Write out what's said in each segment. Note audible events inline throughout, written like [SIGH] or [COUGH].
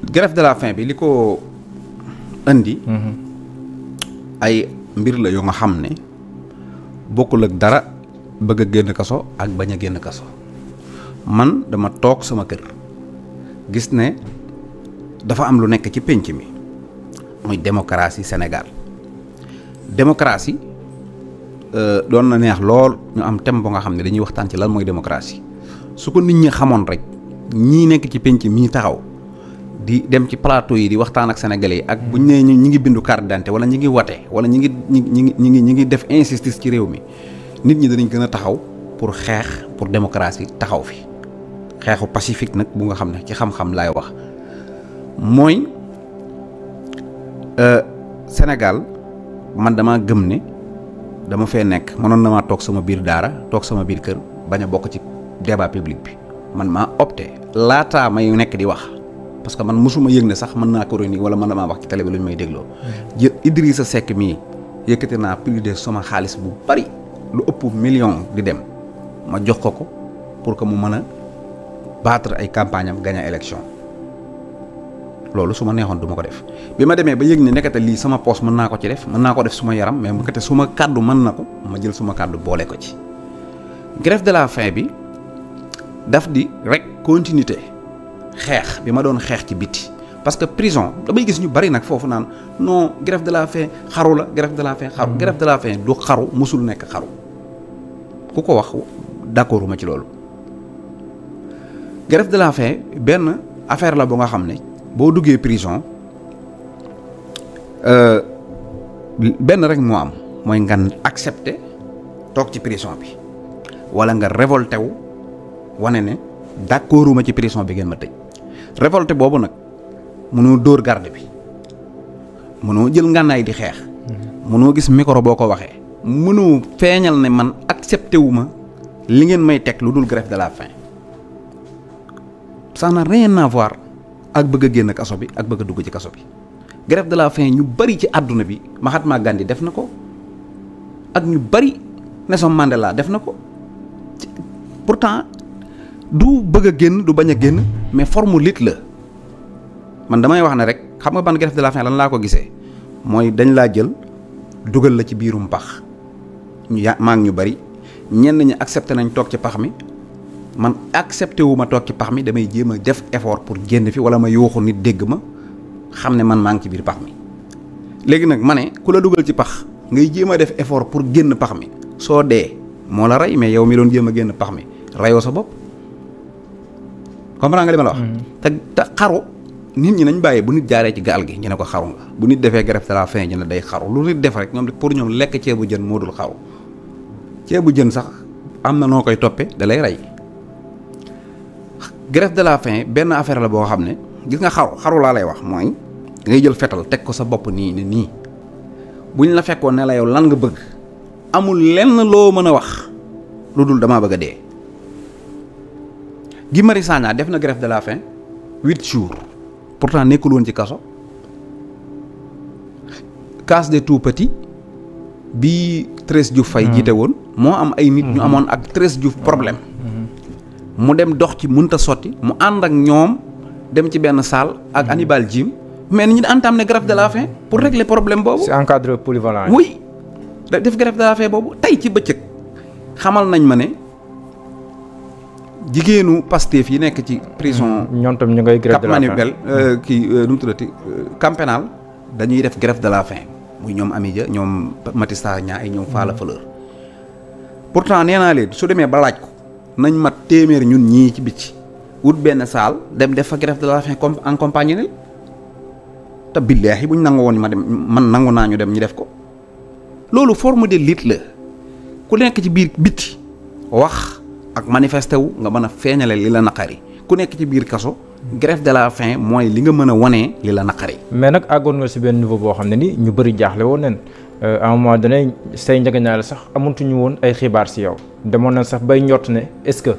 grève de la faim bi li ko indi mhm. ay mbir la yoo nga xam ne bokkul ak dara bëgg a génn kaso ak bañ a génn kaso man dama toog sama kër gis ne dafa am lu nekk ci pénc mi muy démocratie senegal démocratie euh, doon na neex lool ñu am thème bu nga xam ne dañuy waxtaan ci lan mooy démocratie su ko nit ñi xamoon rek ñi nekk ci pénc mi taxaw di dem ci plateau yi di waxtaan ak senegal yi ak buñ nee ñu ñi ngi bindu carte d'identité wala ñi ngi wate wala ñi ngi ñi ngi ñi ngi ñi ngi def injustice ci réew mi nit ñi danañ gën a taxaw pour xeex pour démocratie taxaw fi xeexu pacifique nag bu nga xam ne ci xam-xam laay wax mooy euh, senegal man dama gëm ne dama fee nekk mënoon na maa toog sama biir daara toog sama biir kër bañ a bokk ci débat public bi man maa opté laataa may nekk di wax parce que man mosuma yëg ne sax mën naa chronique wala mën damaa wax ci télé bi lu ñu may dégloo. jë Idrissa Seck mii yëkkati naa plus de sama xaalis bu bari lu ëpp million di dem ma jox ko ko pour que mu mën a battre ay campagne am gagné élection loolu su ma neexoon duma ko def bi ma demee ba yëg ne nekkate lii sama poos mën naa ko ci def mën naa ko def suma yaram mais nekkate suma kàddu mën na ko ma jël suma kàddu boole ko ci grève de di rek continuité xeex bi ma doon xeex ci biti parce que prison damay gis ñu bari nag foofu naan non grève de la faim xaru la grève de la faim xaru mm-hmm. grève de la faim du xaru musul nekk xaru ku ko wax d'accord ma ci loolu grève de la faim benn affaire la bu nga xam ne boo duggee prison euh, benn rek moo am mooy nga accepter toog ci prison bi wala nga révolté wu wane ne d'accorduma ci prison bi ngeen ma tëj révolté boobu nag mënoo dóor garde bi mënoo jël ngànnaay di xeex. mënoo gis micro boo ko waxee. mënoo feeñal ne man accepté wu ma li ngeen may teg lu dul grève de la faim ça n'a rien à ak bëgg a génn kaso bi ak bëgg a dugg ci kaso bi grève de la faim ñu bari ci àdduna bi Mahatma Gandhi def na ko ak ñu bari Nelson Mandela def na ko pourtant du bëgg a génn du bañ a génn. mais forme lit la man damay wax ne rek xam nga ban greffe de la faim lan laa ko gisee mooy dañ laa jël dugal la ci biirum pax ñu ya maa ñu bari ñenn ñi accepté nañ toog ci pax mi man accepté wu toog ci pax mi damay jéem a def effort pour génn fi wala ma yuuxu nit dégg ma xam ne man maa ngi ci biir pax mi. léegi nag ma ne ku la dugal ci pax ngay jéem a def effort pour génn pax mi soo dee moo la rey mais yow mi doon jéem a génn pax mi reyoo sa bopp. comprends nga li ma la wax. Mm. te xaru nit ñi nañ bàyyi bu nit jaaree ci gaal gi ñu ne ko xaru nga bu nit defee grève de la faim ñu day xaru lu nit def rek ñoom pour ñoom lekk ceebu jën moo dul xaru ceebu jën sax am na noo koy toppee da lay rey grève de la faim benn affaire la boo xam ne gis nga xaru xaru laa lay wax mooy ngay jël fetal teg ko sa bopp nii ne nii buñ la fekkoon ne la yow lan nga bëgg amul lenn loo mën a wax lu dul damaa bëgg a dee. Guy Marius Sagna def na grève de la faim huit jours pourtant nekkul woon ci kaso case de tout pati bi Thérèse Diouf Faye hmm. jiite woon moo am ay nit ñu hmm. amoon ak Thérèse Diouf problème hmm. mu dem dox ci munta sotti mu ànd ak ñoom dem ci benn salle ak Hannibal jiim mais ni ñu ne grève de la faim pour régler problème boobu. c'est un cadre polyvalent. oui def grève de la faim boobu tey ci bëccëg xamal nañ ma ne. jigéenu Pastef yi nekk ci prison. Mm-hmm. ñoom tam ñu ngay grève de la faim euh, kii euh, nu tuddati euh, Camp dañuy def grève de la faim muy ñoom Amidia ñoom Matissa Niang ay ñoom Falla mm-hmm. Fleur pourtant nee naa leen su demee ba laaj ko nañ mat téeméer ñun ñii ci bitti wut benn saal dem def fa grève de la faim comme en compagnie te billaahi buñ nangu woon ma dem man nangu naa ñu dem ñu def ko loolu forme de lutte la ku nekk ci biir bitti wax. ak manifesté wu nga mën a feeñale li la naqari ku nekk ci biir kaso grève de la faim mooy li nga mën a wanee li la naqari. mais nag àggoon nga si benn niveau boo xam ne ni ñu bëri jaaxle woon nañ euh, à un moment donné say njëgënaale sax amatuñu woon ay xibaar si yow demoon nañ sax bay njort ne est-ce que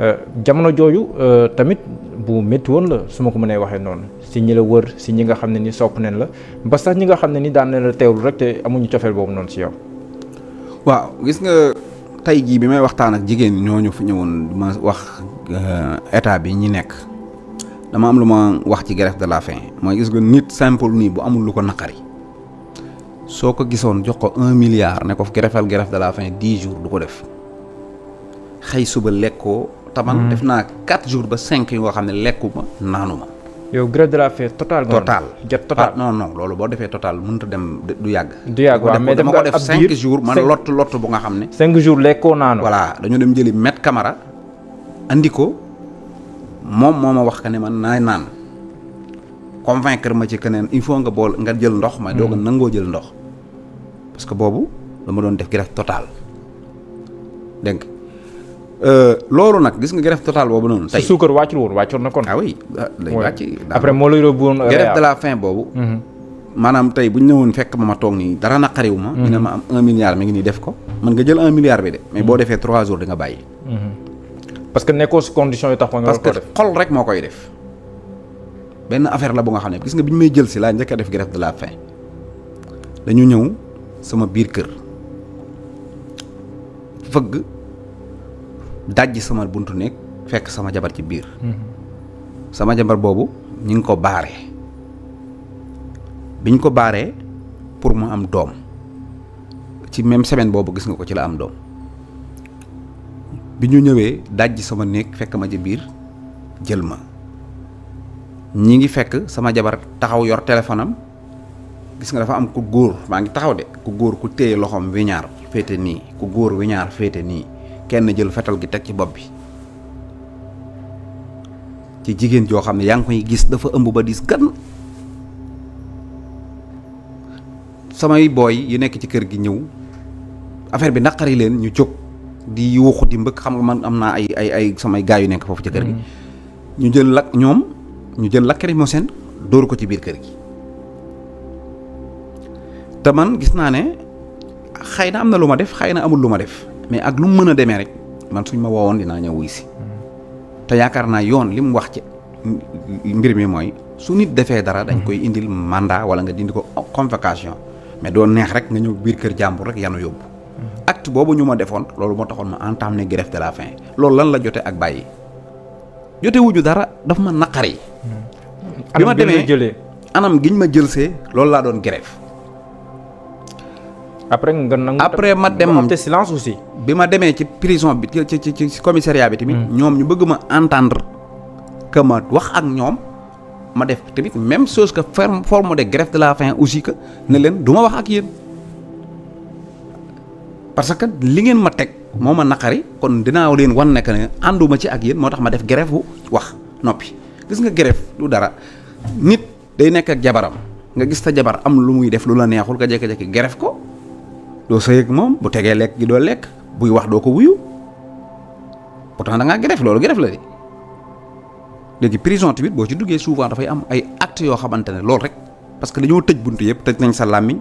euh, jamono jooju euh, tamit bu métti su ma ko mënee waxee noonu si ñi la wër si ñi nga xam ne ni sopp nañ la ba sax ñi nga xam ne ni daan na la teewlu amuñu cofeel boobu noonu si yow. waaw gis nga. tey jii bi may waxtaan ak jigéen ñooñu fi ñëwoon ma wax euh, état bi ñi nekk dama am lu ma wax ci grève de la faim mooy gis nga nit simple nii bu amul lu ko naqari soo ko gisoon jox ko un milliard ne ko greffal grève de la faim dix jours du ko def xëy suba lekkoo. taman hmm. def naa quatre jours ba cinq yu nga xam ne lekkuma naanuma yow grève de total. total jot total ah, non boo defee total mënut dem du yàgg. du yàgg waaw mais dama ko def cinq jours man lott lott bu nga xam ne. cinq jours lekkoo naanu. voilà dañoo dem jëli met camara andi ko moom moo ma wax que ne man naay naan convaincre ma ci keneen il faut nga bool nga jël ndox. ma doo ko hmm. nangoo jël ndox. parce que boobu dama doon def grève total dégg Euh, loolu nag gis nga grève totale boobu noonu. tey suukar wàccul woon wàccoon na kon. ah oui lay ah, wàcc. après moo lay yóbbu woon de la faim boobu. Mhm. maanaam tey bu ñu ñëwoon fekk ma ma toog nii dara naqariwu ma. ñu ne mhm. ma am un milliard mi ngi nii def ko. mën nga jël un milliard bi de. mais boo mhm. defee trois jours di nga bàyyi. parce que nekkoo si condition yi tax ma nga ko def moo koy def. benn affaire la bu nga xam ne gis nga bi ñu may jël si laa njëkk a def grève de la faim dañu ñëw sama biir kër fëgg. dàjj sama bunt nekk fekk sama jabar ci biir mhm. sama jabar boobu ñu ngi ko baare biñ ko baaree pour mu am doom ci même semaine boobu gis nga ko ci la am doom bi ñu ñëwee dàjj sama néeg fekk ma ci biir jël ma ñi ngi fekk sama jabar taxaw yor téléphone am gis nga dafa am ku góor maa ngi taxaw de ku góor ku téye loxoom wiñaar féete nii ku góor wiñaar féete nii kenn jël fetal gi teg ci bopp bi ci jigéen joo xam ne yaa ngi koy gis dafa ëmb ba diis gan samay booy yi nekk ci kër gi ñëw affaire bi naqari leen ñu jóg di yuuxu di mbëkk xam nga man am naa ay ay ay samay gaay yu nekk foofu ci kër gi ñu jël lak ñoom ñu jël lacrymogène dóor ko ci biir kër gi te man gis naa ne xëy na am na lu ma def xëy na amul lu ma def mais ak lu mu mën a demee rek man suñ ma woowoon dinaa ñëw wuy mm-hmm. te yaakaar naa yoon li mu wax ci mbir mi mooy su nit defee dara dañ mm-hmm. koy indil mandat wala nga dindi ko convocation mais doon neex rek nga ñëw biir kër jàmbur rek yanu yóbbu mm-hmm. act boobu ñu ma defoon loolu moo taxoon ma entamé grève de la fin loolu lan la jote ak bàyyi jote wuñu dara daf ma naqar yi bi ma demee anam giñ ma jëlsee loolu laa doon grève après nga nangu après ma dem te silence aussi. bi ma demee ci prison bi ci ci ci commissariat bi tamit. Hmm. ñoom ñu bëgg ma entendre que ma wax ak ñoom ma def tamit même chose que forme forme de grève de la faim aussi que ne leen du ma wax ak yéen parce que li ngeen ma teg moo ma naqari kon dinaa leen wan nekk ne ànduma ci ak yéen moo tax ma def grève bu wax noppi gis nga grève lu dara nit day nekk jabaram nga gis ta jabar am lu muy def lu la neexul nga jékki-jékki grève ko. doo sëy ak moom bu tegee lekk gi doo lekk buy wax doo ko wuyu pourtant da ngaa greffe loolu greffe la de léegi prison tamit boo ci duggee souvent dafay am ay actes yoo xamante ne loolu rek parce que dañoo tëj bunt yëpp tëj nañ sa làmmiñ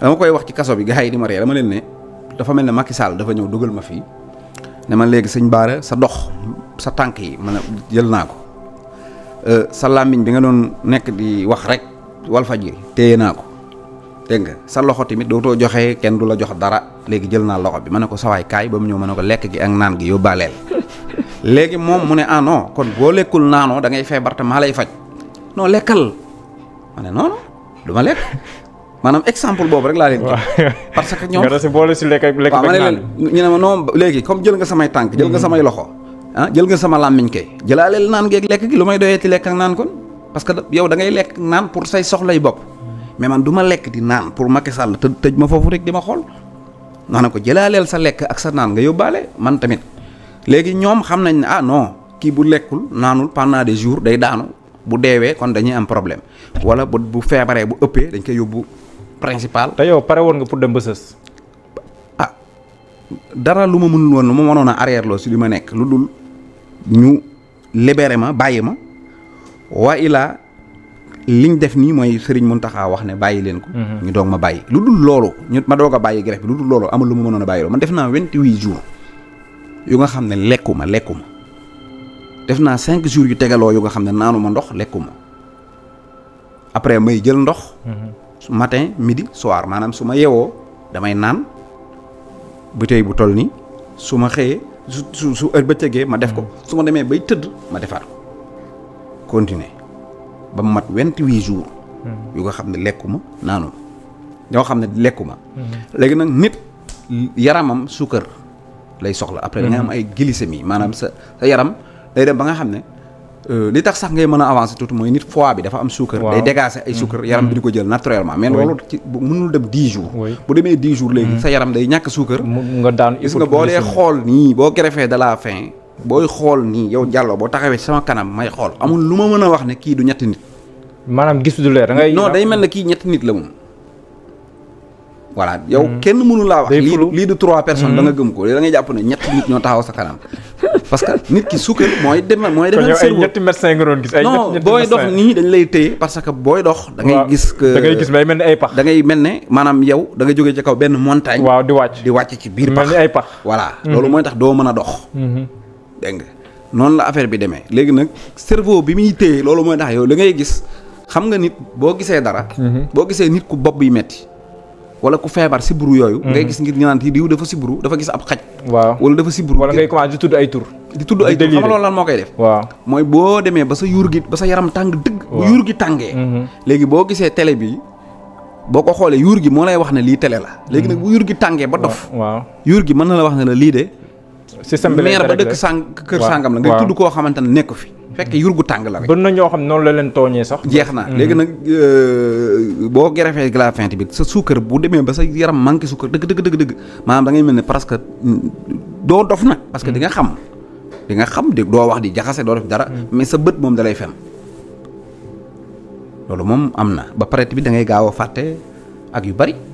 dama koy wax ci kaso bi gars yi di ma ree dama leen ne dafa mel ne Macky Sall dafa ñëw dugal ma fii ne ma léegi sëñ Baara sa dox sa tànk yi ma ne jël naa ko euh, sa làmmiñ bi nga doon nekk di wax rek Walfadjri téye naa ko dégg nga sa loxo tamit dootoo joxee kenn du la jox dara léegi jël naa loxo bi ma ne ko sawaay kaay ba mu ñëw ma ne ko lekk gi ak naan gi [LAUGHS] léegi moom mu ne ah non kon boo naanoo da ngay feebar te lay faj non lekkal ma ne non lekk [LAUGHS] maanaam exemple boobu rek laa leen. que ñoom [LAUGHS] boole si lekk ak lekk ñu ne ma non léegi comme jël nga samay tànk jël nga mm-hmm. samay loxo ah jël nga sama làmmiñ kay jëlaaleel naan gi ak lekk gi lu may doyee lekk ak naan kon parce que yow da ngay lekk naan pour say soxlay bopp. mais man du ma lekk di naan pour Macky Sall te tëj ma foofu rek di ma xool wax na ko jëlaaleel sa lekk ak sa naan nga yóbbaale man tamit léegi ñoom xam nañ ne ah no kii bu lekkul naanul pendant des jours day daanu bu deewee kon dañuy am problème wala bu bu feebaree bu ëppee dañ koy yóbbu principal. te yow pare woon nga pour de ba ah dara lu ma mënul woon lu ma mënoon a arrière loo si li ma nekk lu dul ñu libéré ma bàyyi ma waa ilaa liñ def nii mooy mun Mountakha wax ne bàyyi leen ko. Mhm. ñu doog ma bàyyi lu dul loolu ñu ma doog a bàyyi grève bi lu dul loolu amul lu ma mënoon a bàyyiloo man def naa vingt yu nga xam ne lekku ma lekku ma naa cinq jours yu tegaloo yu nga xam ne naanu ma ndox lekku ma après may jël ndox. Mhm. matin midi soir maanaam su ma yewoo damay naan bouteille bu toll nii su ma xëyee su su su heure ma def ko mhm. su ma demee bay tëdd ma defaat ko ba mu mat vingt-huit jours hmm. yu nga xam ne lekkuma naanuma yoo xam ne lekkuma hmm. léegi nag nit yaramam suukar lay soxla après da nga am hmm. ay glycémie maanaam sa sa yaram day dem ba nga xam ne euh, li tax sax ngay mën a avancer tuuti mooy nit foie bi dafa am suukar day dégager ay suukar yaram bi di ko jël naturellement mais loolu ci mënul dem dix jours bu demee dix jours léegi sa yaram day ñàkk suukar nga daan gis nga boo dee xool nii boo greffé de la faim booy xool nii yow Diallo boo taxawee sama kanam may xool amul lu ma mën a wax ne kii du ñetti nit. maanaam gis du leer da ngay. non day mel ne kii ñetti nit la moom. voilà yow mm. kenn mënu laa wax. lii lii du trois personnes. da nga mm. gëm ko da ngay jàpp ne ñetti nit ñoo taxaw sa kanam. parce que nit ki sukkal mooy dem mooy. demal cerveau ñetti médecin nga doon gis. ay non booy dox nii dañ lay téye parce que booy dox. da ngay gis que gis ngay gis mel ni ay pax. dangay mel ne maanaam yow da nga jógee ci kaw benn montagne. waaw di wàcc di wàcc ci biir pax. mel ni ay pax mm-hmm. mooy tax doo mën a dox. Mm-hmm. dégg nga noonu la affaire bi demee léegi nag cerveau bi muy téye loolu mooy tax yow da ngay gis xam nga nit boo gisee dara. Mhm. boo gisee nit ku bopp bi metti wala ku feebar siburu yooyu. Mhm. ngay gis ngir ñu naan diw dafa siburu dafa gis ab xaj. waaw wala dafa siburu. wala ngay commencé di tudd ay tur. di tudd ay tur xam nga lan moo koy def. waaw mooy boo demee ba sa yuur gi ba sa yaram tàng dëgg. bu yuur gi tàngee. Mhm. léegi boo gisee tele bi. boo ko xoolee yuur gi moo lay wax ne lii télé la. léegi nag gi tàngee ba dof. système bi maire ba dëkk sàng kër sàngam la nga tudd koo xamante ne nekk fi mm-hmm. fekk gu tàng la rek bën na ñoo xam noonu la leen tooñee sax jeex na mm-hmm. léegi nag euh, boo gerefee glafinté bi sa suukar bu demee ba sa yaram manqué suukar dëgg dëgg dëgg dëgg maanaam da mel ni ne que mm, doo dof na parce que di nga mm-hmm. xam di nga xam di doo wax di jaxase doo def dara mais sa bët moom dalay fen loolu moom am na ba pare bi da ngay gaaw a fàtte ak yu bari